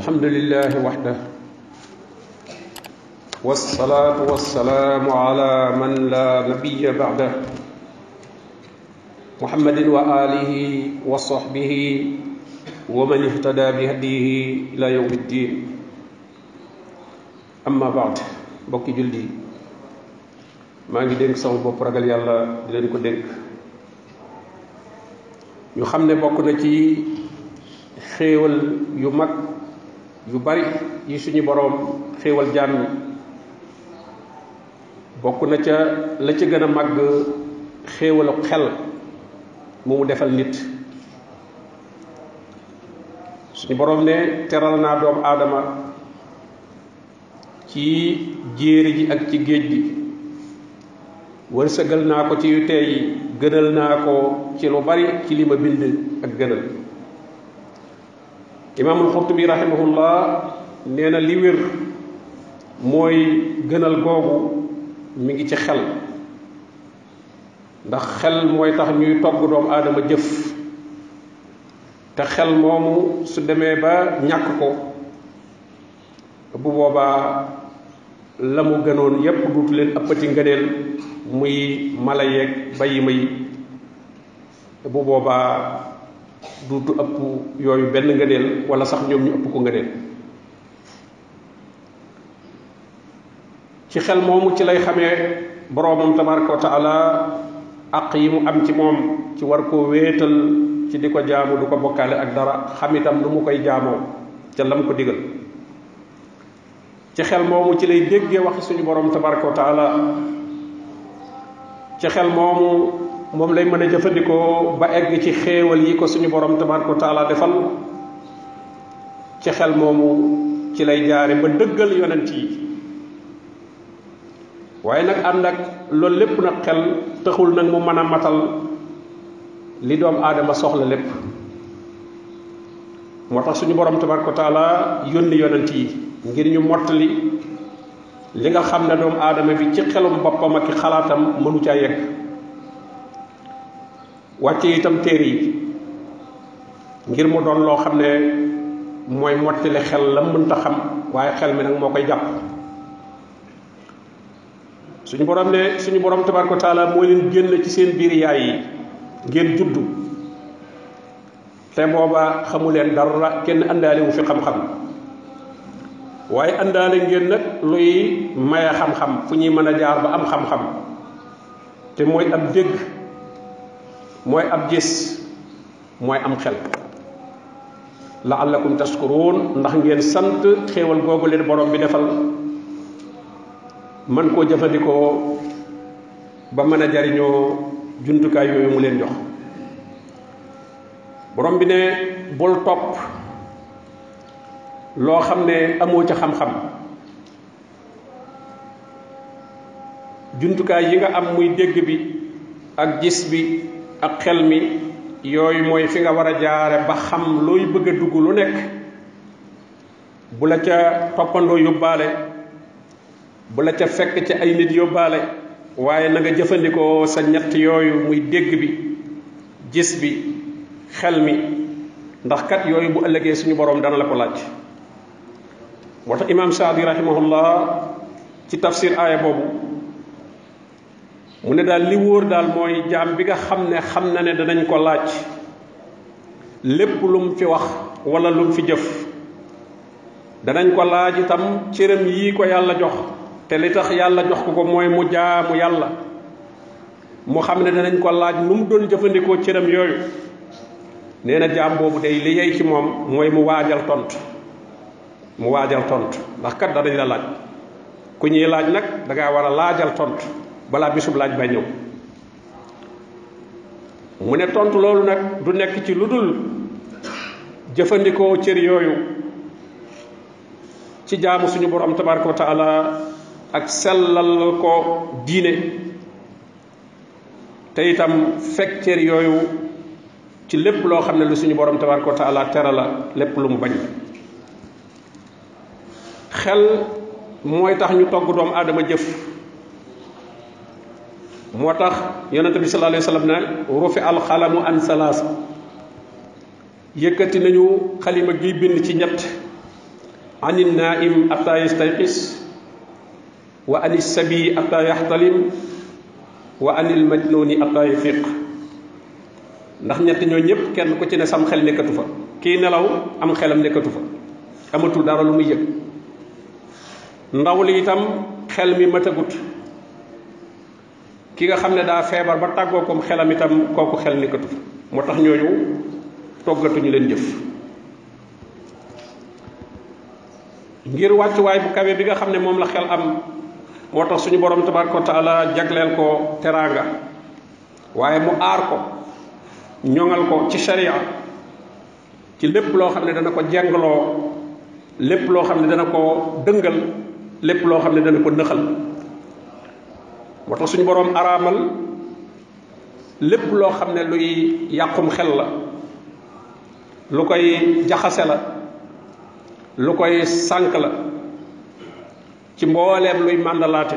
الحمد لله وحده والصلاة والسلام على من لا نبي بعده محمد وآله وصحبه ومن اهتدى بهديه إلى يوم الدين أما بعد بوكي جلدي ما ngi dénk sama bopp الله yàlla di leen ko dénk ñu xam yu bari yi suñu boroom xéewal jaam bokk na ca la ca gën a màgg xéewalu xel mu mu defal nit suñu boroom ne teral naa doomu aadama ci jéeri ji ak ci géej gi wërsëgal naa ko ci yu tey gënal naa ko ci lu bari ci li ma bind ak gënal imaamul xurtubi rahimahullah nee na li wér mooy gënal boobu mi ngi ci xel ndax xel mooy tax ñuy togg doomu aadama jëf te xel moomu su demee ba ñàkk ko bu boobaa la mu gënoon yépp duutu leen ëppati ngëneel muy mala yeeg bayima yi bu boobaa dutu ëpp yooyu benn ngëneel wala sax ñoom ñu ëpp ko ngëneel ci xel moomu ci lay xamee boroomam tabaraka wa taala aq yi mu am ci moom ci war koo wéetal ci di ko jaamu du ko bokkaale ak dara xamitam lu mu koy jaamoo ca lam ko digal ci xel moomu ci lay déggee wax suñu borom tabaraka wa taala ci xel moomu moom lay mën a jëfandikoo ba egg ci xéewal yi ko suñu boroom tabaaraka wa taala defal ci xel moomu ci lay jaare ba dëggal yonent yi waaye nag ànd ak loolu lépp nag xel taxul nag mu mën a matal li doom aadama soxla lépp moo tax suñu borom tabaaraka ko taala yónni yonent yi ngir ñu mottali li nga xam ne doomu aadama bi ci xelum boppam ak xalaatam mënu caa yegg wàcce itam téere yi ngir mu doon loo xam ne mooy mottali xel la mënta xam waaye xel mi nag moo koy jàpp suñu borom ne suñu borom tabaraka taala moo leen génn ci seen biir yaay yi ngeen judd te booba xamu leen dara kenn àndaale wu fi xam-xam waaye àndaale ngeen nag luy maye xam-xam fu ñuy mën a jaar ba am xam-xam te mooy ab dégg mooy ab gis mooy am xel la la'allakum tashkuruun ndax ngeen sant xéewal googu leen borom bi defal man koo jëfandikoo ba mën a jariñoo jumtukaay yooyu mu leen jox borom bi ne bul topp loo xam ne amoo ca xam-xam jumtukaay yi nga am muy dégg bi ak gis bi ak xel mi yooyu mooy fi nga war a jaare ba xam looy bëgg a dugg lu nekk bu la ca toppandoo yóbbaale bu la ca fekk ca ay nit yóbbaale waaye na nga jëfandikoo sa ñett yooyu muy dégg bi gis bi xel mi ndax kat yooyu bu ëllëgee suñu boroom dana la ko laaj moo tax imaam saadi rahimahullah ci tafsir aaya boobu mu ne daal li wóor daal mooy jaam bi nga xam ne xam na ne danañ ko laaj lépp lu mu fi wax wala lu mu fi jëf danañ ko laaj itam cëram yii ko yàlla jox te li tax yàlla jox ko ko mooy mu jaamu yàlla mu xam ne danañ ko laaj lu mu doon jëfandikoo cëram yooyu nee na jaam boobu day li yey ci moom mooy mu waajal tontu mu waajal tontu ndax kat danañ la laaj ku ñuy laaj nag da war a laajal tontu. balaa bisub laaj ba ñëw mu ne tontu loolu nag du nekk ci lu dul jëfandikoo cër yooyu ci jaamu suñu borom tabaraka wa taala ak sellal ko diine te itam fekk cër yooyu ci lépp loo xam ne lu suñu borom tabaraka wa taala tere la lépp lu mu bañ xel mooy tax ñu togg doomu aadama jëf motax tax yonente bi sallallahu alayhi wasallam na rufi al khalamu an salas yekati nañu khalima gi bind ci ñett anin naim afta yastayqis wa anis sabi afta yahtalim wa anil majnun afta yafiq ndax ñett ñoo ñep kenn ku ci ne sam xel nekatu fa ki nelaw am xelam nekatu fa amatul dara lu muy yek ndaw li itam xel mi matagut ki nga xamne da febar ba taggo kom xelam itam koku xel nekkatu fa motax tax togatu ñu leen jëf ngir way bu kawé bi nga xamne mom la xel am motax suñu borom tabaraka taala jaglel ko teranga waye mu ar ko ñongal ko ci sharia ci lepp lo xamne dana ko jenglo lepp lo xamne dana ko deungal lepp lo xamne dana ko neexal moo tax suñu boroom araamal lépp loo xam ne luy yàqum xel la lu koy jaxase la lu koy sànq la ci mbooleem luy màndalaate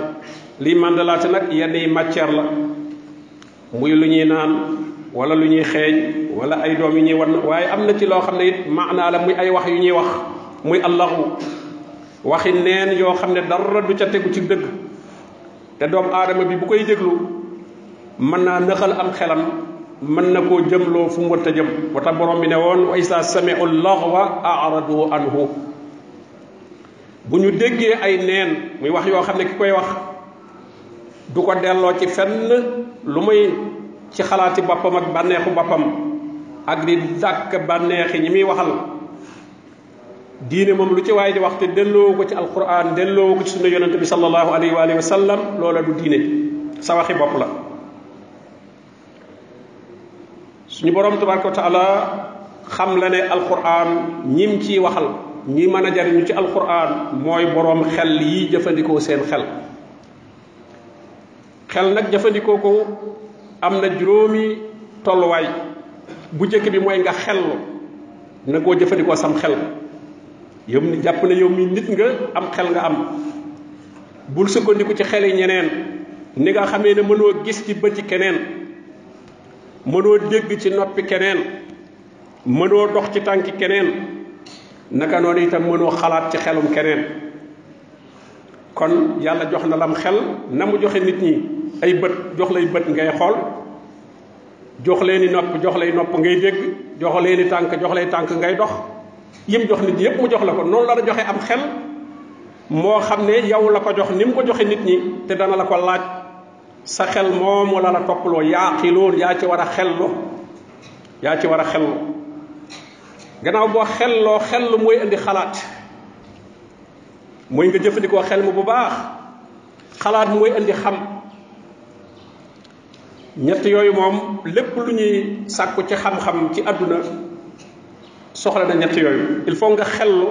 liy màndalaate nag yenn yi matière la muy lu ñuy naan walla lu ñuy xeeñ walla ay doom yu ñuy wan waaye am na ci loo xam ne it maanaa la muy ay wax yu ñuy wax muy allahu waxi neen yoo xam ne dara du ca tegu ci dëgg te doom aadama bi bu koy déglu mën naa nëxal am xelam mën na koo jëmloo fu mu warta jëm wa tax borom bi ne woon wa isa samiu laxwa aradu anhu bu ñu déggee ay neen muy wax yoo xam ne ki koy wax du ko delloo ci fenn lu muy ci xalaati boppam ak bànneexu boppam ak di dàkk bànneexi ñi muy waxal diine moom lu ci waay di wax te delloo ko ci alquran delloo ko ci sunna yonente bi sallallahu alayhi wa alihi wa sallam loola du diine sa waxi bopp la suñu borom tabaraka wa taala xam la ne alquran ñim ciy waxal ñi mën a jariñu ci alquran mooy boroom xel yi jëfandikoo seen xel xel nag jëfandikoo ko am na juróomi tolluwaay bu jëkk bi mooy nga xellu na koo jëfandikoo sam xel yow mi jàpp ne yow mi nit nga am xel nga am bul sukkandiku ci xel xeli ñeneen ni nga xamee ne mënoo gis ci bëti keneen mënoo dégg ci noppi keneen mënoo dox ci tànki keneen naka noonu itam mënoo xalaat ci xelum keneen kon yàlla jox na lam xel na mu joxe nit ñi ay bët jox lay bët ngay xool jox leen i nopp jox lay nopp ngay dégg jox leen tànk jox lay tànk ngay dox yim jox nit yépp mu jox la ko noonu la la joxe am xel moo xam ne yow la ko jox ni ko joxe nit ñi te dana la ko laaj sa xel moomu la la topploo yaa xiloon yaa ci war a xel xello yaa ci war a xello gannaaw boo xelloo xel mooy indi xalaat mooy nga jëfandikoo xel mu bu baax xalaat mooy indi xam ñett yooyu moom lépp lu ñuy sàkku ci xam-xam ci àdduna soxla na ñett yooyu il faut nga xellu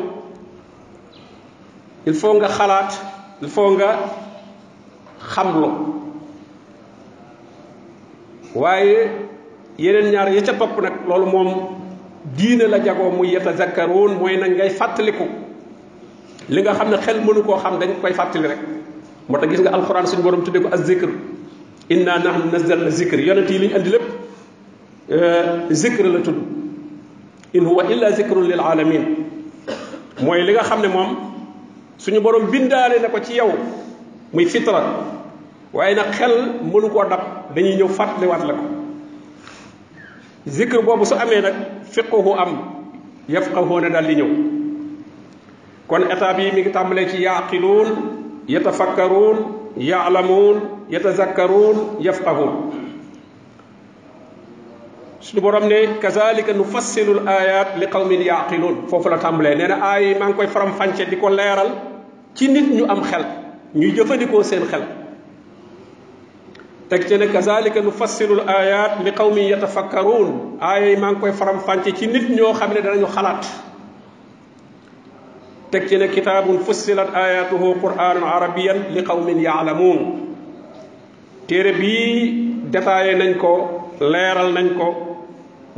il faut nga xalaat il faut nga xam xamlu waaye yeneen ñaar ya ca topp nag loolu moom diine la jagoo muy yatazakkaroon mooy nañ ngay fàttaliku li nga xam ne xel mënu koo xam dañ koy fàttali rek moo tax gis nga alxuraan suñu borom tuddee ko az zikr inna nahnu nazzalna zikr yonent yi li ñu andi lépp euh, zikr la tudd إن هو إلا ذكر للعالمين موي ليغا خامني موم سونو بوروم بيندالي نكو تي ياو موي فطره واي نا خيل مولو كو داب داني نيو فاتلي وات لاكو ذكر بوبو سو امي نك فقهه ام يفقهون دال لي نيو كون اتا بي ميغي تامبلي تي يعقلون يتفكرون يعلمون يتذكرون يفقهون suñu borom ne kazalika nufassilu l ayat li qawmin yaqilun foofu la tàmbalee nee na aaya yi maa ngi koy faram fànce di ko leeral ci nit ñu am xel ñuy jëfandikoo seen xel teg ci ne kazalika nufassilu l ayat li qawmin yatafakkaruun aaya yi maa ngi koy faram fànce ci nit ñoo xam ne danañu xalaat teg ci ne kitaabun fussilat ayatuhu qur'anan arabiyan li qawmin yaalamuun téere bii nañ ko leeral nañ ko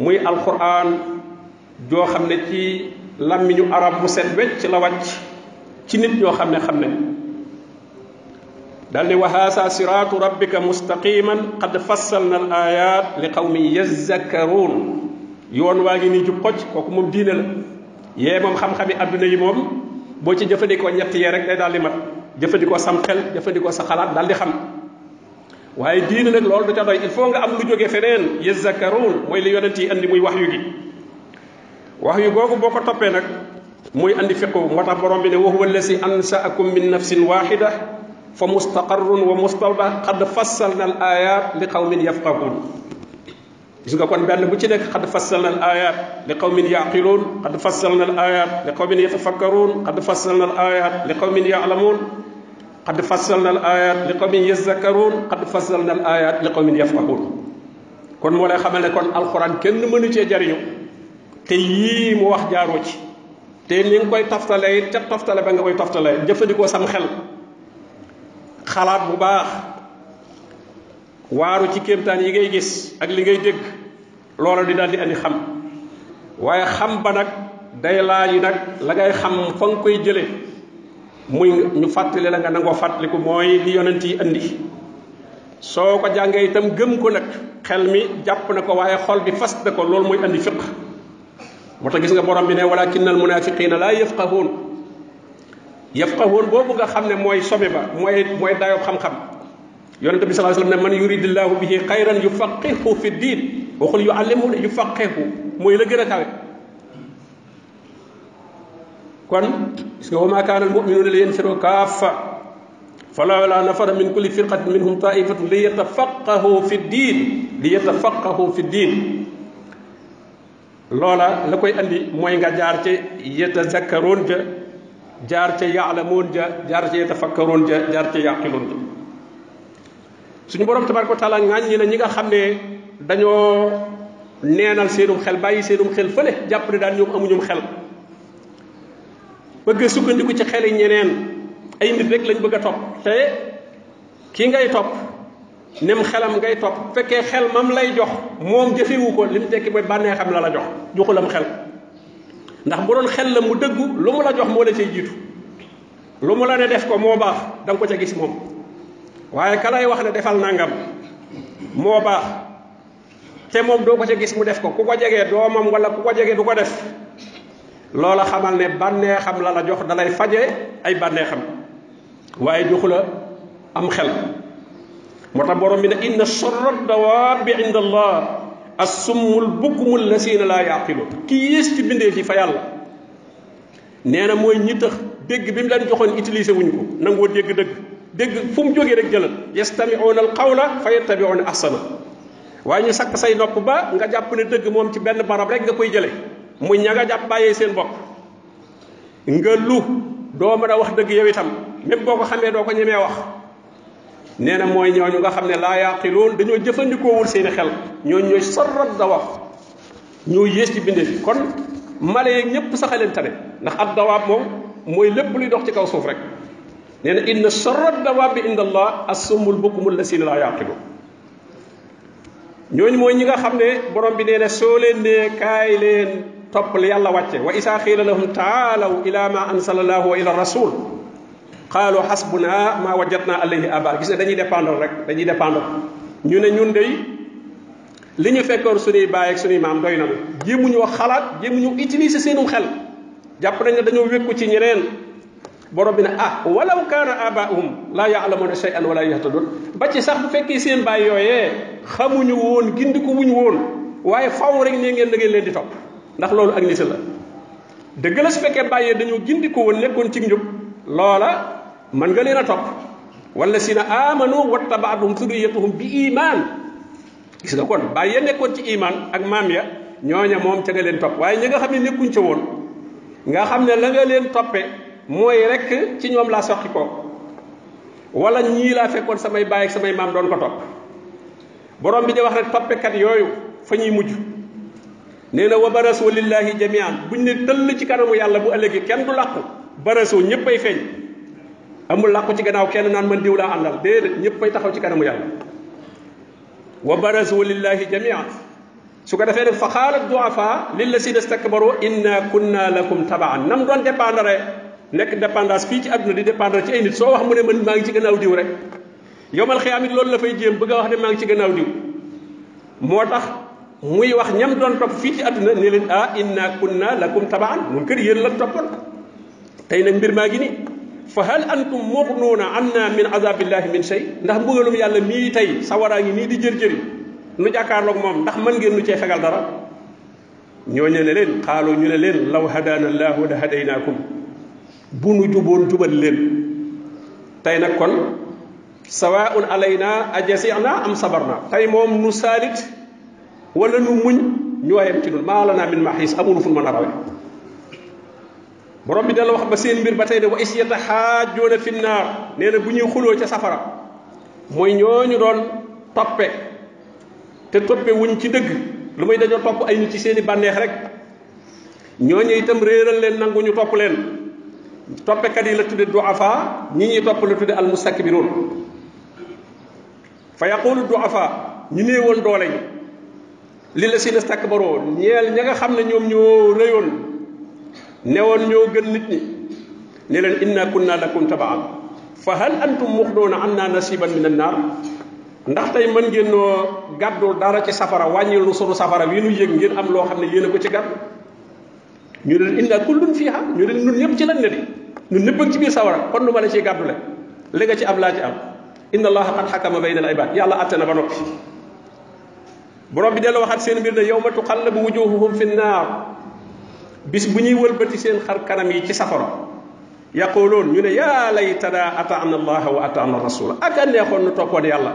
muy alquran joo xam ne ci làmmiñu arab bu set wecc la wàcc ci nit ñoo xam ne xam ne dal ni wa haasa siraatu rabbika mustaqiman qad fassalna al ayat li qawmin yazakkaruun yoon waa ngi nii jub xocc kooku moom diine la yee moom xam-xami àdduna yi moom boo ci jëfandikoo ñett yee rek day dal di mat jëfandikoo sam xel jëfandikoo sa xalaat dal di xam waye diine nak lolou du ca doy il faut nga am lu jóge feneen yazakaruun mooy li yonenti andi muy wahyu gi wahyu yu boko topé nak toppee muy andi fiqhu moo borom bi ne wa huwa allasi ansaakum min nafsin wahidah fa mustaqarrun wa mustawda qad fassalna al ayat li qaumin yafqahun gis nga kon benn bu ci nek qad fassalna al ayat li qaumin yaqilun qad fassalna al ayat li qaumin yatafakkarun qad fassalna al ayat li qawmin yaalamuun xad fassal na al ayat li qawmin yazakkaruun xad fassal na al ayat li qawmin yafqahuun kon moo lay xamal ne kon alxuraan kenn mënu e jariñu te yii mu wax jaaroo ci te ni nga koy taftalee it ca toftale ba nga koy toftalee jëfandikoo sam xel xalaat bu baax waaru ci kéemtaan yi ngay gis ak li ngay dégg loola di daal di andi xam waaye xam ba nag day yi nag la ngay xam fa nga koy jëlee. muy ñu fàttali la nga nangoo fàttaliku mooy li yonent yi soo ko jàngee itam gëm ko nag xel mi jàpp na ko waaye xol bi fas na ko loolu muy andi fiq moo gis nga borom bi ne walakin al munafiqina laa yafqahuun yafqahuun boobu nga xam ne mooy sobe ba mooy mooy dayoo xam-xam yonent bi sallallahu alayhi wasallam ne man yuridillahu bihi xayran yufaqihu fi diin waxul yu allimu ne yufaqihu mooy la gën a kawe kon اسكو ما كان المؤمنون لينفروا li yanfiru kaafa falawla nafara min kulli firqatin minhum taifatun li yatafaqahu fi ddin li yatafaqahu fi ddin loola nga jaar ca yatazakkaroon ja jaar ci yaalamoon ja jaar ca yatafakkaroon ja jaar ci yaqiloon ja suñu borom tabaraka wa taala ŋàññi na ñi nga xamne dañoo neenal seenum xel bàyyi seenum xel fële jàpp ne daan ñoom amuñum xel bëgg sukkandiku ci xeli ñeneen ay nit rek lañ bëgg a topp te ki ngay topp nem xelam ngay topp fekkee xel mam lay jox moom jëfewu ko li mu tekki mooy bànnee xam la la jox joxulam xel ndax bu doon xel la mu dëggu lu mu la jox moo la cay jiitu lu mu la ne def ko moo baax da nga ko ca gis moom waaye ka lay wax ne defal nangam moo baax te moom doo ko ca gis mu def ko ku ko jegee doomam wala ku ko jegee du ko def loola xamal ne bànneexam la la jox dalay faje ay bànneexam waaye joxu la am xel moo tax borom bi ne inna charra dawaabi inda allah assummul bukkumul lasiina laa yaqilu ki yées ci bindee fi fa yàlla nee na mooy ñi tax dégg bi mu leen joxoon utiliser wuñ ko nangoo dégg dëgg dégg fu mu jógee rek jëlal yastamiuna al qawla fa yattabiuna ahsana waaye ñu sakk say nopp ba nga jàpp ne dëgg moom ci benn barab rek nga koy jëlee muy ña nga jàpp bàyyee seen bopp nga lu doo mën a wax dëgg yow itam même boo ko xamee doo ko ñemee wax nee na mooy ñooñu nga xam ne laa yaaqiloon dañoo jëfandikoowul seeni xel ñooñu ñoo yées ci bindee fi kon mala ñëpp sax ndax ab dawaab moom mooy lépp luy dox ci kaw suuf rek nee na inna charra dawaabi inda allah assummul bukkumul lasina laa yaqilu ñooñu mooy ñi nga xam ne borom bi nee soo leen nee kaay leen topp li yàlla wàcce wa isaa xiila lahum taalaw ila ma ansala allahu wa ila rasul qaalu xasbuna maa wajatna alayhi aba gis ne dañuy dépendre rek dañuy dépendre ñu ne ñun dey li ñu fekkoon suñuy baay ak suñuy maam doy na mu wax xalaat jéemuñu utiliser seenu xel jàpp nañ ne dañoo wékku ci ñeneen borom bi ne ah walaw kaana abaahum laa ya'lamuuna shay'an wala yahtadun ba ci sax bu fekkee seen baay yooyee xamuñu woon gindiku wuñ woon waaye rek ne ngeen da ngeen leen di topp ndax loolu ak nite la dëgg la su fekkee bàyyee dañoo gindi ko woon nekkoon ci njub loola mën nga leen a topp wala si na amanu wattabaatum suriyatuhum bi iman gis nga kon bàyyee nekkoon ci iman ak maam ya ñooña moom ca nga leen topp waaye ñi nga xam ne nekkuñ ca woon nga xam ne la nga leen toppe mooy rek ci ñoom laa soqi ko wala ñii laa fekkoon samay bàyyi ak samay maam doon ko topp borom bi da wax rek toppekat yooyu fa ñuy mujj neena wa barasu lillahi jamian buñ ne tëll ci kanamu yàlla bu ëllëgee kenn du làqu barasu ñëppay feñ amul làqu ci gannaaw kenn naan man diw laa àndal déedéet ñëppay taxaw ci kanamu yàlla wa barasu lillahi jamian su ko defee nag fa xaalat duafa lil lillazina istakbaru inna kunna lakum tab'an nam doon dépendre nek dépendance fi ci aduna di dépendre ci ay nit so wax mu ne man ma ngi ci gannaaw diw rek yowmal khiyamit it loolu la fay jëm bëgg wax ne ma ngi ci gannaaw diw motax muy wax ñam doon top fii ci aduna ne leen ah inna kunna lakum tabaan mun kër yéen la toppoon tey nag mbir maa ngi ni fa hal antum mughnuna anna min azabillahi min shay ndax mbugalum yàlla mii tey sawaraa ngi nii di jër-jëri nu jàkkaarloog moom ndax mën ngeen nu cee fegal dara ñooñu ne leen xaalu ñu ne leen law hadana allahu la hadaynaakum bu nu juboon jubal leen tey nag kon sawaun alayna ajasina am sabarna tey moom nu saalit wala nu muñ ñoo yem ci nun maa lana min maxiis amul fu mën a rawe borom bi dala wax ba seen mbir ba tey de wa is yataxaajoona fi naar nee na bu ñuy xuloo ca safara mooy ñooñu doon toppe te toppe wuñ ci dëgg lu may dañoo topp ay nit ci seeni bànneex rek ñooñu itam réeral leen nangu ñu topp leen toppekat yi la tudde duafa ñi ñuy topp la tudde al mustakbiroon fa yaqulu duafa ñi néewoon doole ñi li la si na stakbaroo ñeel ña nga xam ne ñoom ñoo rëyoon newoon ñoo gën nit ñi ne leen inna kunna lakum tabaan fa hal antum muxdoona am naa nasiban min annaar ndax tey mën ngeen noo gàddul dara ci safara wàññil nu sunu safara wi nu yëg ngeen am loo xam ne yéen ko ci gàddu ñu leen inna kullun fiiha ñu leen ñun ñëpp ci lan ne di ñun ñëpp ak ci biir safara kon lu ma la ciy gàddu li nga ci am laa ci am inna allaha qad xakama bayna al ibad yàlla atte na ba borom bi delloo waxaat seen mbir ne yow ma tuqallabu wujuhuhum fi naar bis bu ñuy wëlbati seen xar kanam yi ci safara yaquluun ñu ne yaa laytana ataana allaha wa ataana rasula ak a neexoon nu toppoon yàlla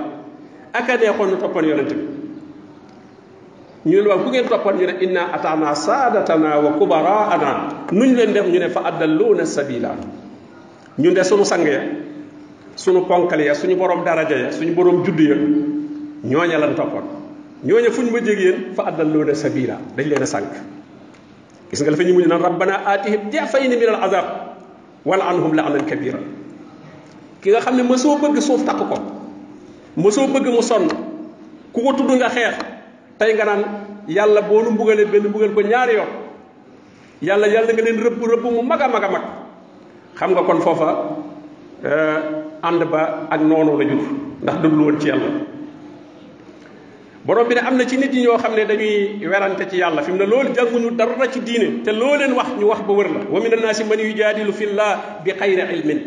ak a neexoon nu toppoon yonente bi ñu ne waaw ku ngeen toppoon ñu ne inna ataana saadatana wa kubaraana nuñ leen def ñu ne fa addalluuna sabila ñun de sunu sang ya sunu ponkal ya suñu borom daraja ya suñu borom judd ya ñooña lan toppoon ñoñu fuñ ma ak yéen fa lo addalluuna sabila dañ leena sank gis nga la fa ñu mujj naan rabbana atihim dafayni min al wal anhum laanan kabira ki nga xamne ma so bëgg suuf tak ko ma so bëgg mu son ku ko tuddu nga xex tay nga nan yàlla bo lu mbugale ben mbugal ko ñaar yo yàlla yàlla nga leen rëbb rëbb mu maga maga mag xam nga kon fofa euh ànd ba ak noonu la jur ndax déglu won ci yàlla borom bi ne am na ci nit yi ñoo xam ne dañuy werante ci yàlla fi mu ne loolu jànguñu dara ci diine te loo leen wax ñu wax ba wër la wa min annaasi man yujaadilu fi llah bi xayri ilmin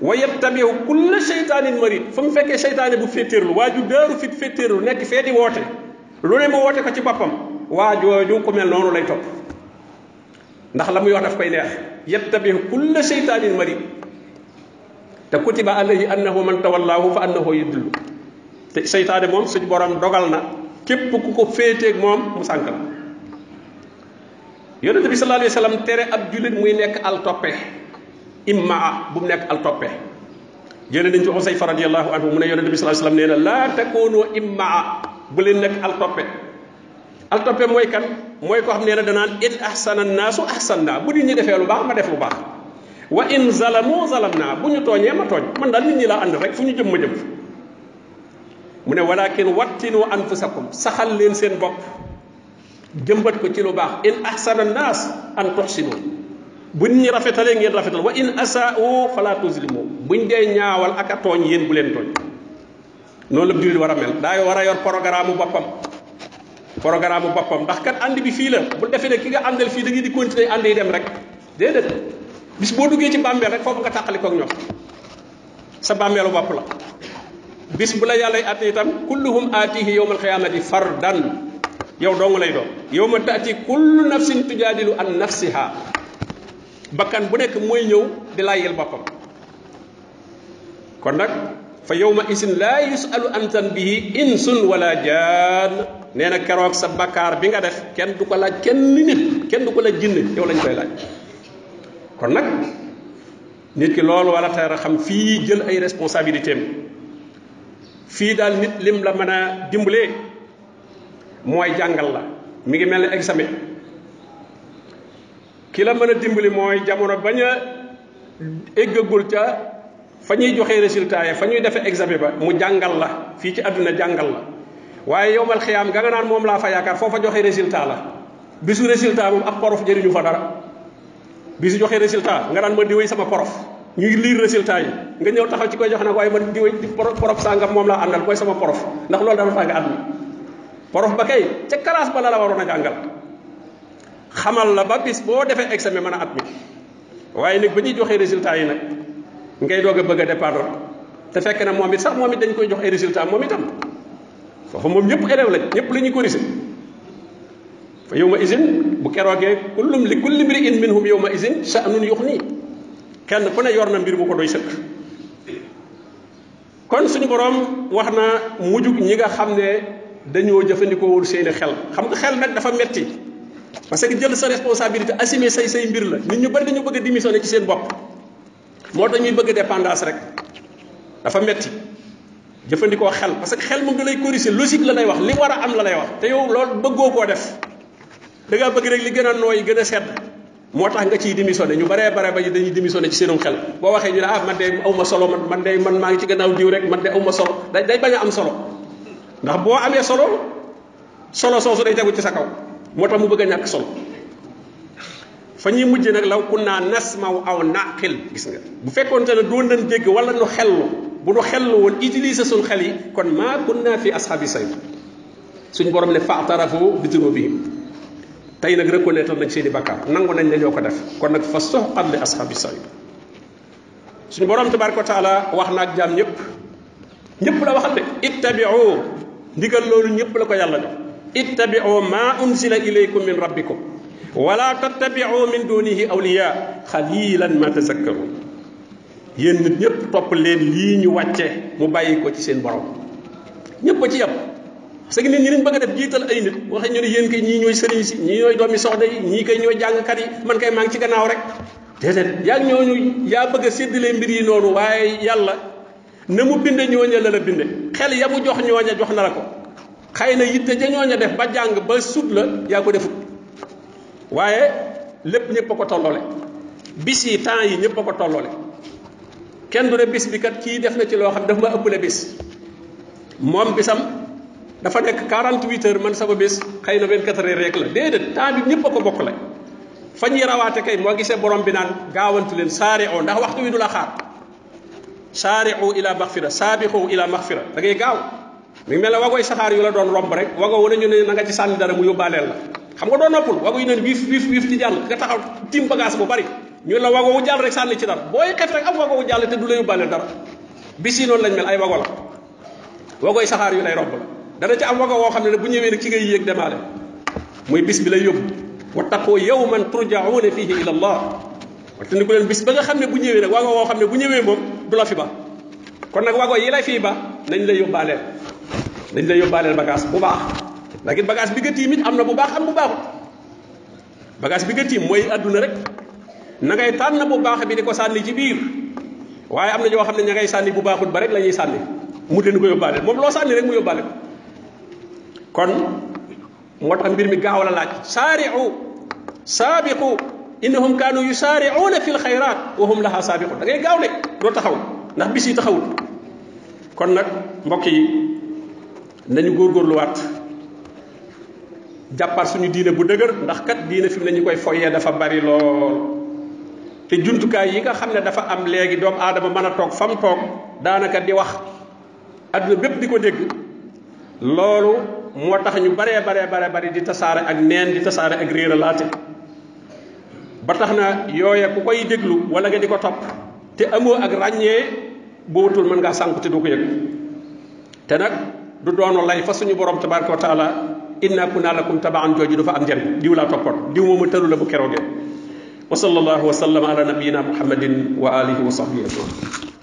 wa yattabiu kulla cheytaanin marid fa mu fekkee cheytaane bu féttéerlu waa ju daaru fit féttéerlu nekk fee di woote lu ne mu woote ko ci boppam waa jooju ku mel noonu lay topp ndax la muy wax daf koy neex yattabiu kulla cheytaanin marid te kutiba alayhi annahu man tawallahu fa annahu yudillu te seytaane moom suñu borom dogal na képp ku ko féeteeg moom mu sànk la yonente bi sallallahu alayhi wasallam tere ab julit muy nekk al toppe immaa bu mu nekk al toppe jëlee nañ ci Xusayfa radiyallahu anhu mu ne yonente bi sallallahu alayhi wasallam nee na laa takoonoo immaa bu leen nekk al toppe al toppe mooy kan mooy ko xam ne danaan in ahsana naasu ahsanna bu nit ñi defee lu baax ma def lu baax wa in zalamu zalamna bu ñu tooñee ma tooñ man daal nit ñi laa ànd rek fu ñu jëm ma jëm mune walakin wattinu anfusakum saxal len sen bopp jëmbat ko ci lu bax in ahsana nas an tuhsinu buñ ni rafetale ngeen rafetal wa in asa'u fala tuzlimu buñ de ñaawal ak atoñ yeen bu len toñ non la julit wara mel da yo wara yor programme bopam programme bopam ndax kat andi bi fi la bu defé ne ki nga andal fi da di continuer andi dem rek dedet bis bo duggé ci bambel rek fofu nga tàqali koog ñox sa bambelu bop la bis bu la yàlla at itam kulluhum aatihi yowmal xiyaamati fardan yow dong lay doon yowma taati kullu nafsin tujadilu an nafsiha bakkan bu nekk mooy ñëw di layel boppam kon nag fa yowma isin la yusalu an bihi insun wala jaan neena na keroog sa bakkaar bi nga def kenn du ko laaj kenn nit kenn du ko laaj jinn yow lañ koy laaj kon nag nit ki loolu wala xam fii jël ay responsabilité Fi dal nit lim la mën a moy jangal la mi ngi mel examen ki la mën dimbali jamono baña eggagul ca fañuy joxe résultat ya fañuy ñuy examen ba mu jangal la fi ci aduna jangal la waye yowmal khiyam ga nga naan mom la fa yaakaar fofa joxe résultat la bisu résultat mom ak porof jëriñu fa dara bisu joxe résultat nga naan ma di sama porof ñu ngi résultat yi nga ñëw taxaw ci koy jox nag waaye man di poro prof sàngam moom laa àndal koy sama prof ndax loolu dafa faa nga àdduna prof ba kay ca classe ba la waroon a jàngal xamal la ba bis boo defee examen mën a at mi waaye nag ba ñuy joxee résultat yi nag ngay doog a bëgg a dépendre te fekk na moom it sax moom it dañ koy jox ay résultat moom itam foofu moom ñëpp élève lañ ñëpp la ñuy corriger fa yow ma isin bu keroogee kullum li kulli mri in yow ma isin sha'nun yuxni kenn ku ne yor na mbir mu ko doy sëkk kon suñu borom wax na mujjug ñi nga xam ne dañoo jëfandikoo wul seeni xel xam nga xel nag dafa metti parce que jël sa responsabilité assumer say say mbir la nit ñu bari dañu bëgg démissionner ci seen bopp moo tax ñuy bëgg dépendance rek dafa metti jëfandikoo xel parce que xel mu ngi lay corriger logique la lay wax li war a am la lay wax te yow loolu bëggoo koo def da ngaa bëgg rek li gën a nooy gën a sedd moo tax nga ciy démissionné ñu baree bare ba dañuy démissionné ci seenum xel boo waxee ñu ne ah man de aw solo man man de man maa ngi ci gannaaw diw rek man de aw ma solo day day bañ am solo ndax boo amee solo solo soosu day tegu ci sa kaw moo tax mu bëgg a ñàkk solo fa ñuy mujj nag law kun naa nasmaw aw naqil gis nga bu fekkoon fekkoonte ne doo nañ dégg wala nu xellu bu nu xellu woon utiliser suñ xel yi kon maa kun naa fi asxaabi say suñ borom ne faatarafu bi tay nak reconnaître nañ seeni bakkar nangu nañ ne ñoo def kon nak fa soxqat li ashabi sawi suñu borom tabaaraku taala wax na ak jaam ñep ñëpp la waxal de ittabiu ndigal lolu ñep la ko yàlla jox ittabiu ma unsila ilaykum min rabbikum wala tattabiu min dunihi awliya xalilan ma tazakkaru yéen nit ñep top leen li ñu wàcce mu bayiko ci seen borom ñep ci yàpp parce que nit ñi dañ bëgg a def jiital ay nit waxe ñu ne yéen kay ñii ñooy sëriñ si ñii ñooy doomi soxna yi ñii kay ñooy kat yi man kay maa ngi ci gannaaw rek déedéet yaa ngi ñooñu yaa bëgg a séddale mbir yi noonu waaye yàlla ne mu binde ñooña la la binde xel ya mu jox ñooña jox na la ko xëy na yitte ja ñooña def ba jàng ba sut la yaa ko defut waaye lépp ñëpp a ko tolloole bis yi temps yi ñëpp a ko tolloole kenn du ne bis bi kat kii def na ci loo xam daf ma ëppale bis moom bisam dafa nek 48 heures man sama bes xeyna 24 heures rek la déedéet temps bi ñepp a ko bokkale fa ñuy rawaate kay mo gisee borom bi naan gaawantu leen saari'u ndax waxtu wi du la xaar sari'u ila maghfira sabiqu ila maghfira da ngay gaaw mi mel wa koy saxar yu la doon romb rek wago wona ñu ne na nga ci sànni dara mu yóbbaaleel la xam nga do noppul wago yu ne wif wif wif ci jall nga taxaw tim bagage bu bari ñu la wago wu jall rek sànni ci dara boy xef rek am wago wu jall te du la yóbbaaleel dara bisino lañ mel ay wago la wagoy saxar yu lay romb la dana ci am waga wo xamne bu ñewé rek ci ngay yéeg démalé moy bis bi lay yob wa taqo yawman turjauna fihi ila allah wa tan ko len bis ba nga xamne bu ñewé nag waga wo xamne bu ñewé mom du la fi ba kon nak waga yi la fi ba nañ la yobalé nañ la yobalé bagas bu baax laakin bagas bi nga mit amna bu baax am bu baax bagas bi nga moy aduna rek na ngay tan bu baax bi diko sànni ci bir waye amna ño xamne ñay sànni bu baaxut ba rek lañuy sànni mu den ko yobalé mom lo sànni rek mu yobalé ko kon moo tax mbir mi gaaw la laaj saari'u saabiqu innahum kaanu yusaari'uuna fi lxayraat wa hum laha saabiqun da ngay gaaw de doo taxaw ndax bis yi taxawul kon nag mbokk yi nañu góorgóorluwaat jàppaat suñu diine bu dëgër ndax kat diine fi mu ne ñu koy foyee dafa bari lool te jumtukaay yi nga xam ne dafa am léegi doomu aadama mën a toog fam mu toog daanaka di wax adduna bépp di ko dégg loolu moo tax ñu baree baree bare bari di tasaare ak neen di tasaare ak réeralaate ba tax na yooye ku koy déglu wala nga di ko topp te amoo ak ràññee boo wutul mën ngaa sànku te du ko yëg te nag du doonu lay fa suñu borom tabaraka wa taala inna kunna lakum tabaan jooju dafa am njariñ diw laa toppoon diw mooma tëru la bu keroogee wa sallallahu wa sallam ala nabiyina muhammadin wa alihi wa sahbihi ajmain